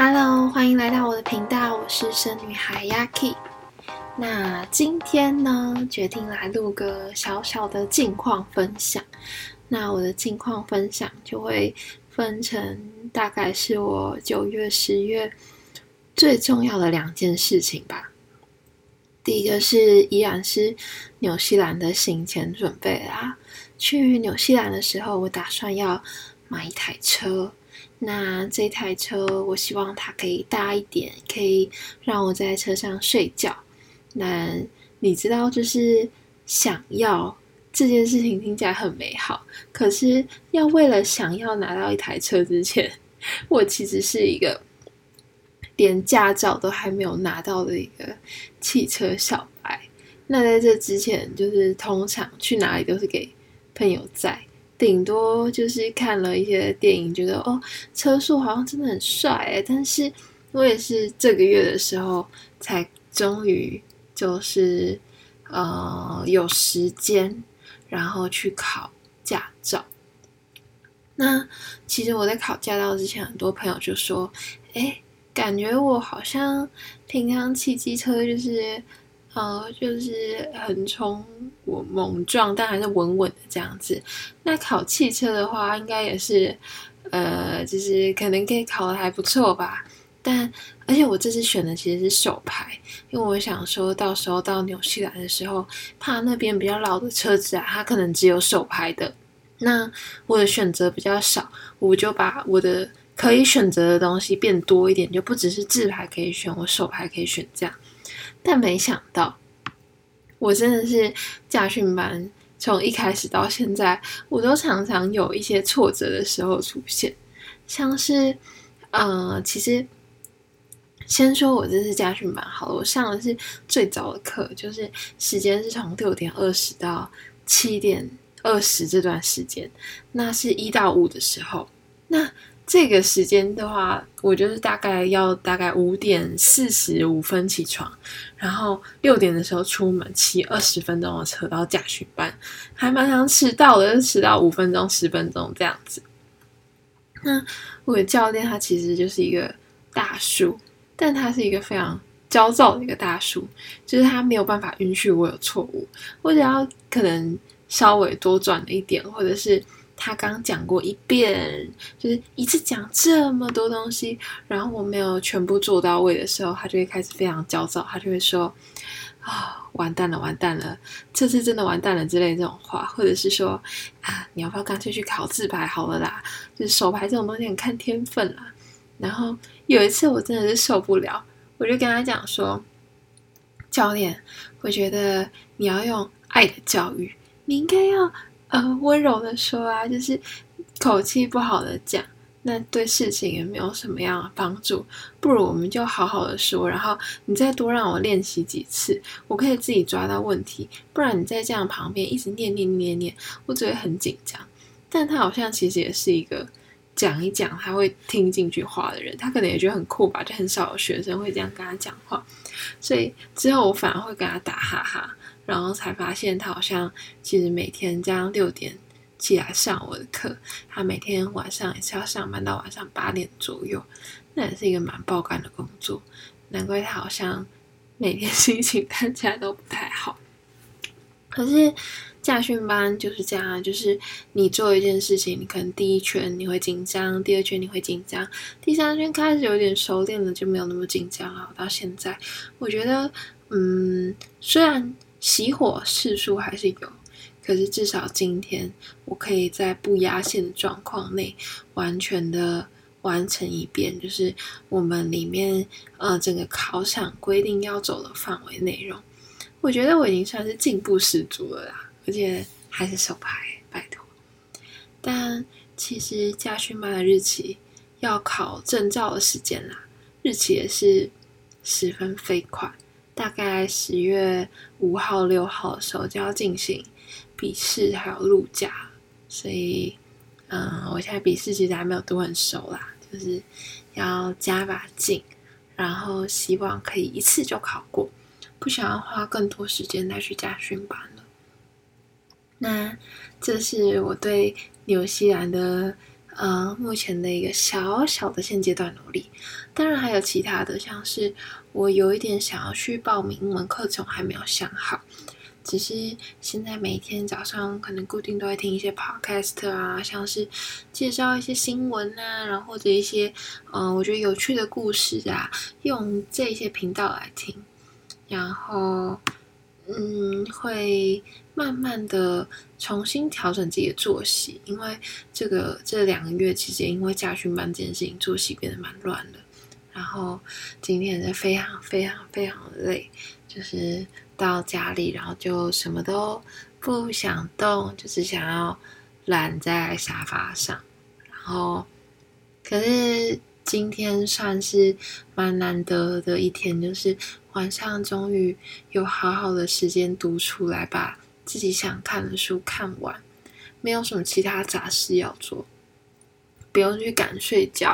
Hello，歡迎來到我的頻道，我是生女孩 Yaki。那今天呢，決定來錄個小小的近況分享。那我的近況分享就會分成大概是我九月、十月最重要的兩件事情吧。第一個是依然是紐西蘭的行前準備啦，去紐西蘭的時候，我打算要買一台車。那這台車，我希望它可以大一點，可以讓我在車上睡覺。那你知道，就是想要這件事情聽起來很美好，可是要為了想要拿到一台車之前，我其實是一個連駕照都還沒有拿到的一個汽車小白。那在這之前，就是通常去哪裡都是給朋友載。頂多就是看了一些電影，覺得哦，車速好像真的很帥誒，但是我也是這個月的時候才終於就是呃有時間，然後去考駕照。那其實我在考駕照之前，很多朋友就說，哎、欸，感覺我好像平常騎機車就是。呃，就是橫沖我猛撞，但還是穩穩的這樣子。那考汽車的話，應該也是呃，就是可能可以考的還不錯吧。但而且我這次選的其實是手牌，因為我想說到時候到紐西蘭的時候，怕那邊比較老的車子啊，它可能只有手牌的。那我的選擇比較少，我就把我的可以選擇的東西變多一點，就不只是製牌可以選，我手牌可以選這樣。但沒想到，我真的是駕訓班，從一開始到現在，我都常常有一些挫折的時候出現，像是，呃，其實，先說我這是駕訓班好了，我上的是最早的課，就是時間是從六點二十到七點二十這段時間，那是一到五的時候，那。這個時間的話，我就是大概要大概五點四十五分起床，然後六點的時候出門，騎二十分鐘的車到駕訓班，還蠻常遲到的，就是、遲到五分鐘十分鐘這樣子。那我的教練他其實就是一個大叔，但他是一個非常焦躁的一個大叔，就是他沒有辦法允許我有錯誤，我只要可能稍微多轉了一點，或者是。他剛講過一遍，就是一次講這麼多東西，然後我沒有全部做到位的時候，他就會開始非常焦躁，他就會說：“啊、哦，完蛋了，完蛋了，這次真的完蛋了”之類的這種話，或者是說：“啊，你要不要乾脆去考自排好了啦？就是手排這種東西，很看天分啦、啊。”然後有一次，我真的是受不了，我就跟他講說：“教練，我覺得你要用愛的教育，你應該要。”呃，溫柔的說啊，就是口氣不好的講，那對事情也沒有什麼樣的幫助。不如我們就好好的說，然後你再多讓我練習幾次，我可以自己抓到問題。不然你在這樣旁邊一直念念念念念，我只會很緊張。但他好像其實也是一個講一講他會聽進去話的人，他可能也覺得很酷吧，就很少有學生會這樣跟他講話。所以之後我反而會跟他打哈哈。然後才發現，他好像其實每天這樣六點起來上我的課。他每天晚上也是要上班到晚上八點左右，那也是一個蠻爆肝的工作。難怪他好像每天心情看起來都不太好。可是駕訓班就是這樣啊，就是你做一件事情，你可能第一圈你會緊張，第二圈你會緊張，第三圈開始有點熟練了就沒有那麼緊張了。到現在，我覺得，嗯，雖然。熄火次數還是有，可是至少今天我可以在不壓線的狀況內完全的完成一遍，就是我們裡面呃整個考場規定要走的範圍內容。我覺得我已經算是進步十足了啦，而且還是手排，拜託。但其實駕訓班的日期要考證照的時間啦，日期也是十分飛快。大概十月五號、六號的時候就要進行筆試還有路駕。所以嗯，我現在筆試其實還沒有讀很熟啦，就是要加把勁，然後希望可以一次就考過，不想要花更多時間再去駕訓班了。那這是我對紐西蘭的呃、嗯、目前的一個小小的現階段努力，當然還有其他的像是。我有一點想要去報名英文課程，還沒有想好。只是現在每天早上可能固定都會聽一些 podcast 啊，像是介紹一些新聞啊，然後或者一些嗯、呃，我覺得有趣的故事啊，用這一些頻道來聽。然後嗯，會慢慢的重新調整自己的作息，因為這個這兩個月其實因為駕訓班這件事情，作息變得蠻亂的。然後今天就非常非常非常累，就是到家裡，然後就什麼都不想動，就是想要懶在沙發上。然後可是今天算是蠻難得的一天，就是晚上終於有好好的時間獨處，把自己想看的書看完，沒有什麼其他雜事要做，不用去趕睡覺，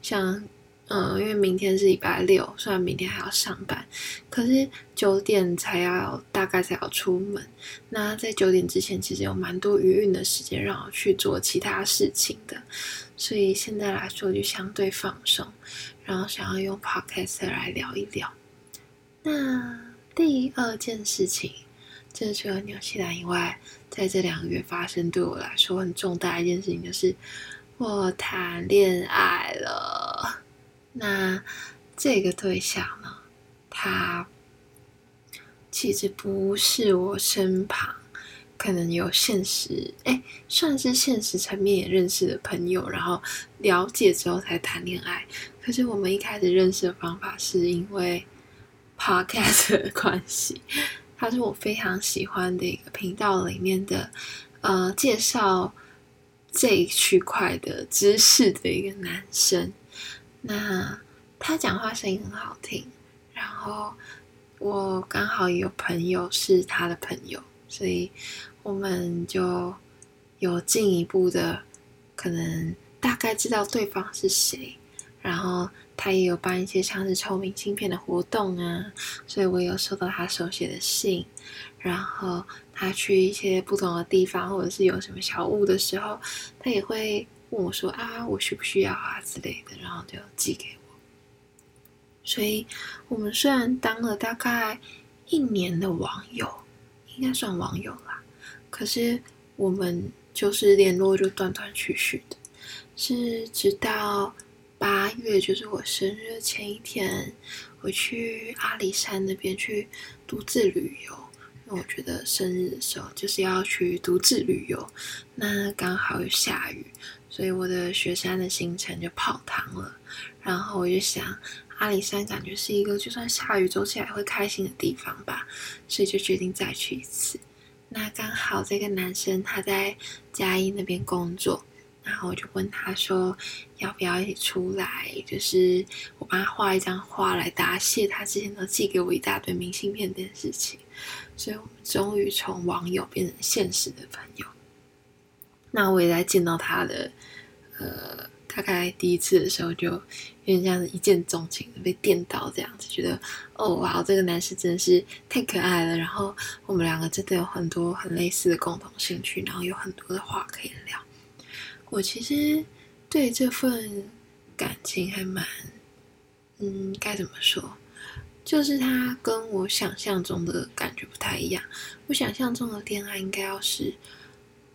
像。嗯，因為明天是禮拜六，雖然明天還要上班，可是九點才要，大概才要出門。那在九點之前，其實有蠻多餘韻的時間讓我去做其他事情的，所以現在來說就相對放鬆，然後想要用 Podcast 來聊一聊。那第二件事情，這、就是除了紐西蘭以外，在這兩個月發生對我來說很重大一件事情，就是我談戀愛了。那這個對象呢，他其實不是我身旁，可能有現實，哎，算是現實層面也認識的朋友，然後了解之後才談戀愛。可是我們一開始認識的方法是因為 Podcast 的關係，他是我非常喜歡的一個頻道裡面的，呃，介紹這一區塊的知識的一個男生。那他講話聲音很好聽，然後我剛好也有朋友是他的朋友，所以我們就有進一步的可能大概知道對方是誰。然後他也有辦一些像是抽明信片的活動啊，所以我有收到他手寫的信。然後他去一些不同的地方，或者是有什麼小物的時候，他也會。問我說啊，我需不需要啊之類的，然後就寄給我。所以，我們雖然當了大概一年的網友，應該算網友啦，可是我們就是聯絡就斷斷續續的。是直到八月，就是我生日前一天，我去阿里山那邊去獨自旅遊。我覺得生日的時候就是要去獨自旅遊，那剛好又下雨，所以我的雪山的行程就泡湯了。然後我就想，阿里山感覺是一個就算下雨走起來會開心的地方吧，所以就決定再去一次。那剛好這個男生他在嘉義那邊工作，然後我就問他說要不要一起出來，就是我幫他畫一張畫來答謝他之前都寄給我一大堆明信片這件事情。所以我們終於從網友變成現實的朋友。那我也在見到他的，呃，大概第一次的時候就有點這樣子一見鍾情，被電到這樣子，覺得哦哇，這個男生真是太可愛了。然後我們兩個真的有很多很類似的共同興趣，然後有很多的話可以聊。我其實對這份感情還蠻，嗯，該怎麼說？就是他跟我想象中的感覺不太一樣。我想象中的戀愛應該要是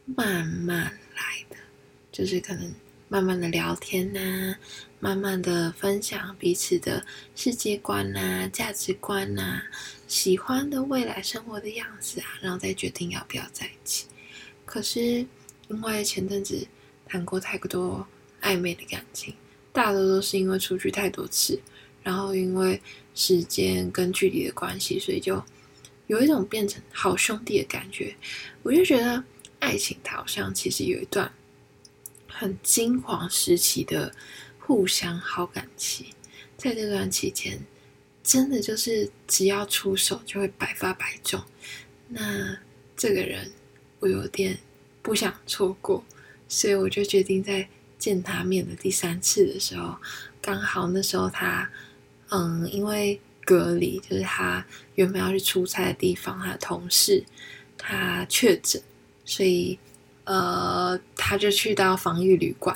慢慢來的，就是可能慢慢的聊天吶，慢慢的分享彼此的世界觀吶、價值觀吶、喜歡的未來生活的樣子啊，然後再決定要不要在一起。可是，因為前陣子談過太多曖昧的感情，大多都是因為出去太多次。然後因為時間跟距離的關係，所以就有一種變成好兄弟的感覺。我就覺得愛情它好像其實有一段很金黃時期的互相好感期，在這段期間，真的就是只要出手就會百發百中。那這個人我有點不想錯過，所以我就決定在見他面的第三次的時候，剛好那時候他。嗯，因為隔離，就是他原本要去出差的地方，他的同事他確診，所以呃，他就去到防疫旅館。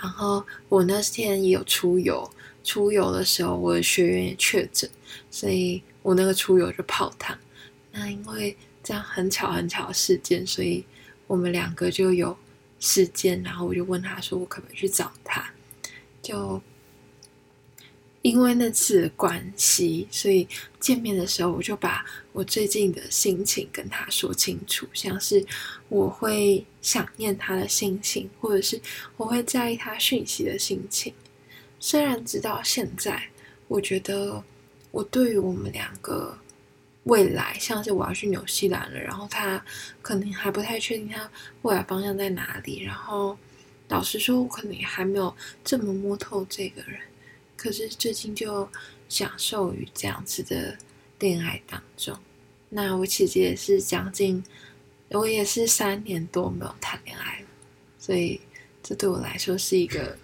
然後我那天也有出遊，出遊的時候我的學員也確診，所以我那個出遊就泡湯。那因為這樣很巧很巧的事件，所以我們兩個就有時間。然後我就問他說：“我可不可以去找他？”就。因為那次的關係，所以見面的時候，我就把我最近的心情跟他說清楚，像是我會想念他的心情，或者是我會在意他訊息的心情。雖然直到現在，我覺得我對於我們兩個未來，像是我要去紐西蘭了，然後他可能還不太確定他未來方向在哪裡。然後，老實說，我可能也還沒有這麼摸透這個人。可是最近就享受於這樣子的戀愛當中，那我其實也是將近，我也是三年多沒有談戀愛了，所以這對我來說是一個，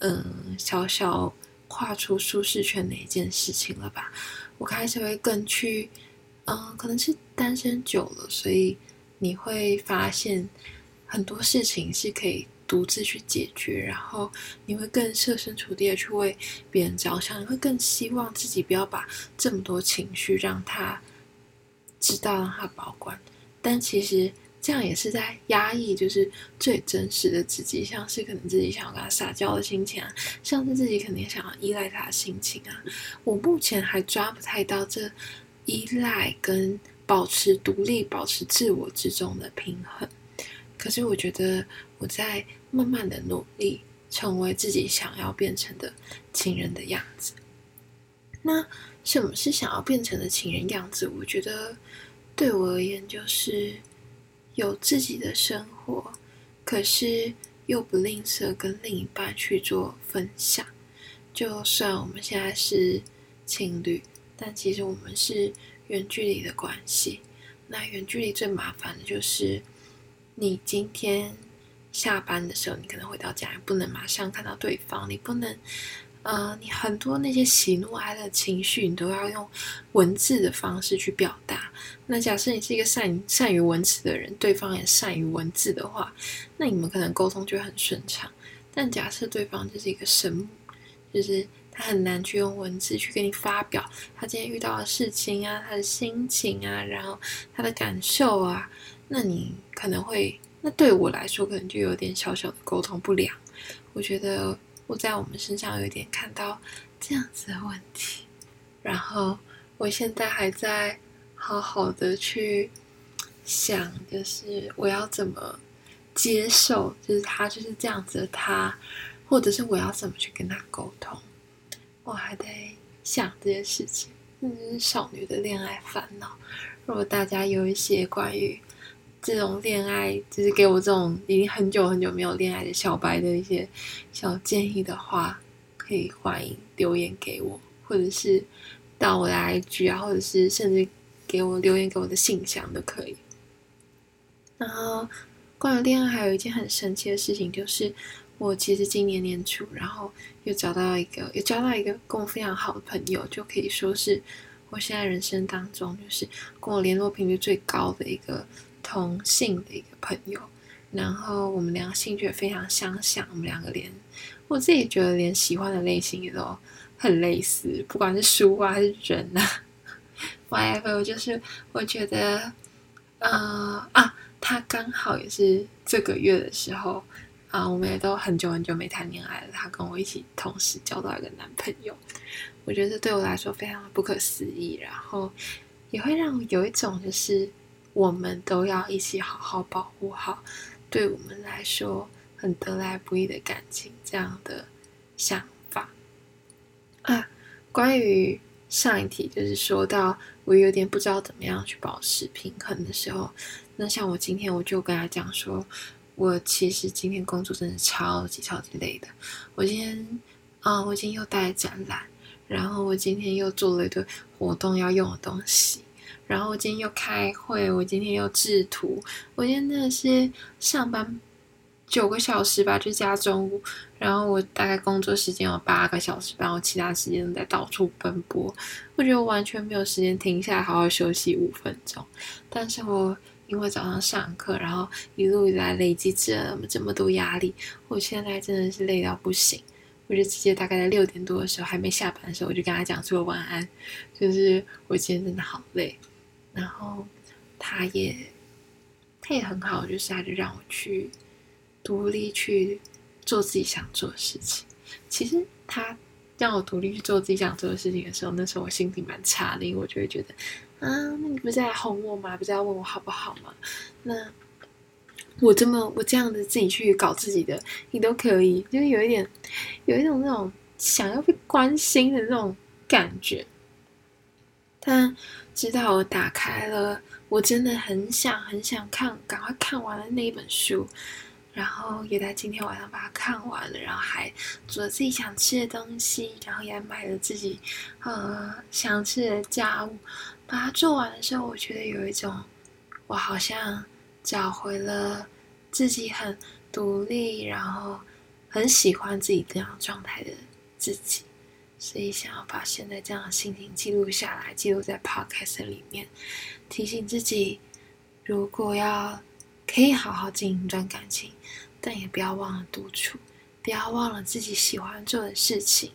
嗯，小小跨出舒適圈的一件事情了吧。我開始會更去，嗯，可能是單身久了，所以你會發現很多事情是可以。獨自去解決，然後你會更設身處地的去為別人着想，你會更希望自己不要把這麼多情緒讓他知道，讓他保管。但其實這樣也是在壓抑，就是最真實的自己，像是可能自己想要跟他撒嬌的心情啊，像是自己肯定想要依賴他的心情啊。我目前還抓不太到這依賴跟保持獨立、保持自我之中的平衡。可是我覺得。我在慢慢的努力，成為自己想要變成的情人的樣子。那什麼是想要變成的情人樣子？我覺得對我而言，就是有自己的生活，可是又不吝嗇跟另一半去做分享。就算我們現在是情侶，但其實我們是遠距離的關係。那遠距離最麻煩的就是你今天。下班的時候，你可能回到家，你不能馬上看到對方，你不能，呃，你很多那些喜怒哀的情緒，你都要用文字的方式去表達。那假設你是一個善於善於文字的人，對方也善於文字的話，那你們可能溝通就很順暢。但假設對方就是一個神母，就是他很難去用文字去跟你發表他今天遇到的事情啊，他的心情啊，然後他的感受啊，那你可能會。那對我來說，可能就有點小小的溝通不良。我覺得我在我們身上有點看到這樣子的問題，然後我現在還在好好的去想，就是我要怎麼接受，就是他就是這樣子的他，或者是我要怎麼去跟他溝通，我還得想這些事情。嗯，少女的戀愛煩惱。如果大家有一些關於……這種戀愛，就是給我這種已經很久很久沒有戀愛的小白的一些小建議的話，可以歡迎留言給我，或者是到我的 IG 啊，或者是甚至給我留言給我的信箱都可以。然後，關於戀愛還有一件很神奇的事情，就是我其實今年年初，然後又找到一個，又交到一個跟我非常好的朋友，就可以說是我現在人生當中，就是跟我聯絡頻率最高的一個。同性的一個朋友，然後我們兩個興趣也非常相像，我們兩個連我自己覺得連喜歡的類型也都很類似，不管是書啊還是人啊。whatever F，就是我覺得，啊、呃、啊，他剛好也是這個月的時候啊，我們也都很久很久沒談戀愛了。他跟我一起同時交到一個男朋友，我覺得這對我來說非常不可思議，然後也會讓我有一種就是。我們都要一起好好保護好，對我們來說很得來不易的感情，這樣的想法啊。關於上一題，就是說到我有點不知道怎麼樣去保持平衡的時候，那像我今天，我就跟他講說，我其實今天工作真的超級超級累的。我今天啊、嗯，我今天又帶展覽，然後我今天又做了一堆活動要用的東西。然後我今天又開會，我今天又製圖，我今天真的是上班九個小時吧，就加中午，然後我大概工作時間有八個小時，然後我其他時間都在到處奔波，我覺得我完全沒有時間停下來好好休息五分鐘。但是我因為早上上課，然後一路以來累積這麼這麼多壓力，我現在真的是累到不行。我就直接大概在六點多的時候還沒下班的時候，我就跟他講說晚安，就是我今天真的好累。然後，他也，他也很好，就是他就讓我去獨立去做自己想做的事情。其實他讓我獨立去做自己想做的事情的時候，那時候我心情蠻差的，因為我就會覺得，啊、嗯，你不是在哄我嗎？不是要問我好不好嗎？那我這麼我這樣子自己去搞自己的，你都可以，就有一點有一種那種想要被關心的那種感覺。但直到我打開了，我真的很想很想看，趕快看完的那一本書，然後也在今天晚上把它看完了，然後還做了自己想吃的東西，然後也買了自己呃想吃的家務。把它做完的時候，我覺得有一種，我好像找回了自己很獨立，然後很喜歡自己這樣狀態的自己。所以想要把現在這樣的心情記錄下來，記錄在 podcast 裡面，提醒自己，如果要可以好好經營一段感情，但也不要忘了獨處，不要忘了自己喜歡做的事情，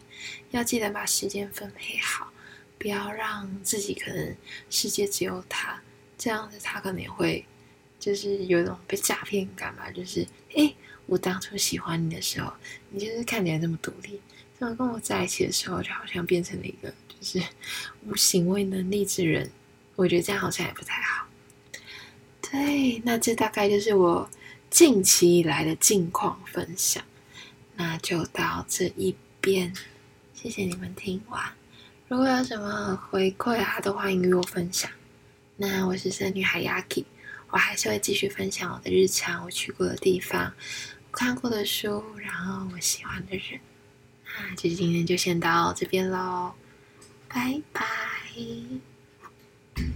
要記得把時間分配好，不要讓自己可能世界只有他，這樣子他可能會就是有一種被詐騙感吧，就是哎，我當初喜歡你的時候，你就是看起來這麼獨立。想跟我在一起的時候，就好像變成了一個就是無行為能力之人，我覺得這樣好像也不太好。對，那這大概就是我近期以來的近況分享。那就到這一邊，謝謝你們聽完。如果有什麼回饋啊，都歡迎與我分享。那我是山女孩 Yaki，我還是會繼續分享我的日常、我去過的地方、我看過的書，然後我喜歡的人。那就今天就先到這邊嘍，拜拜。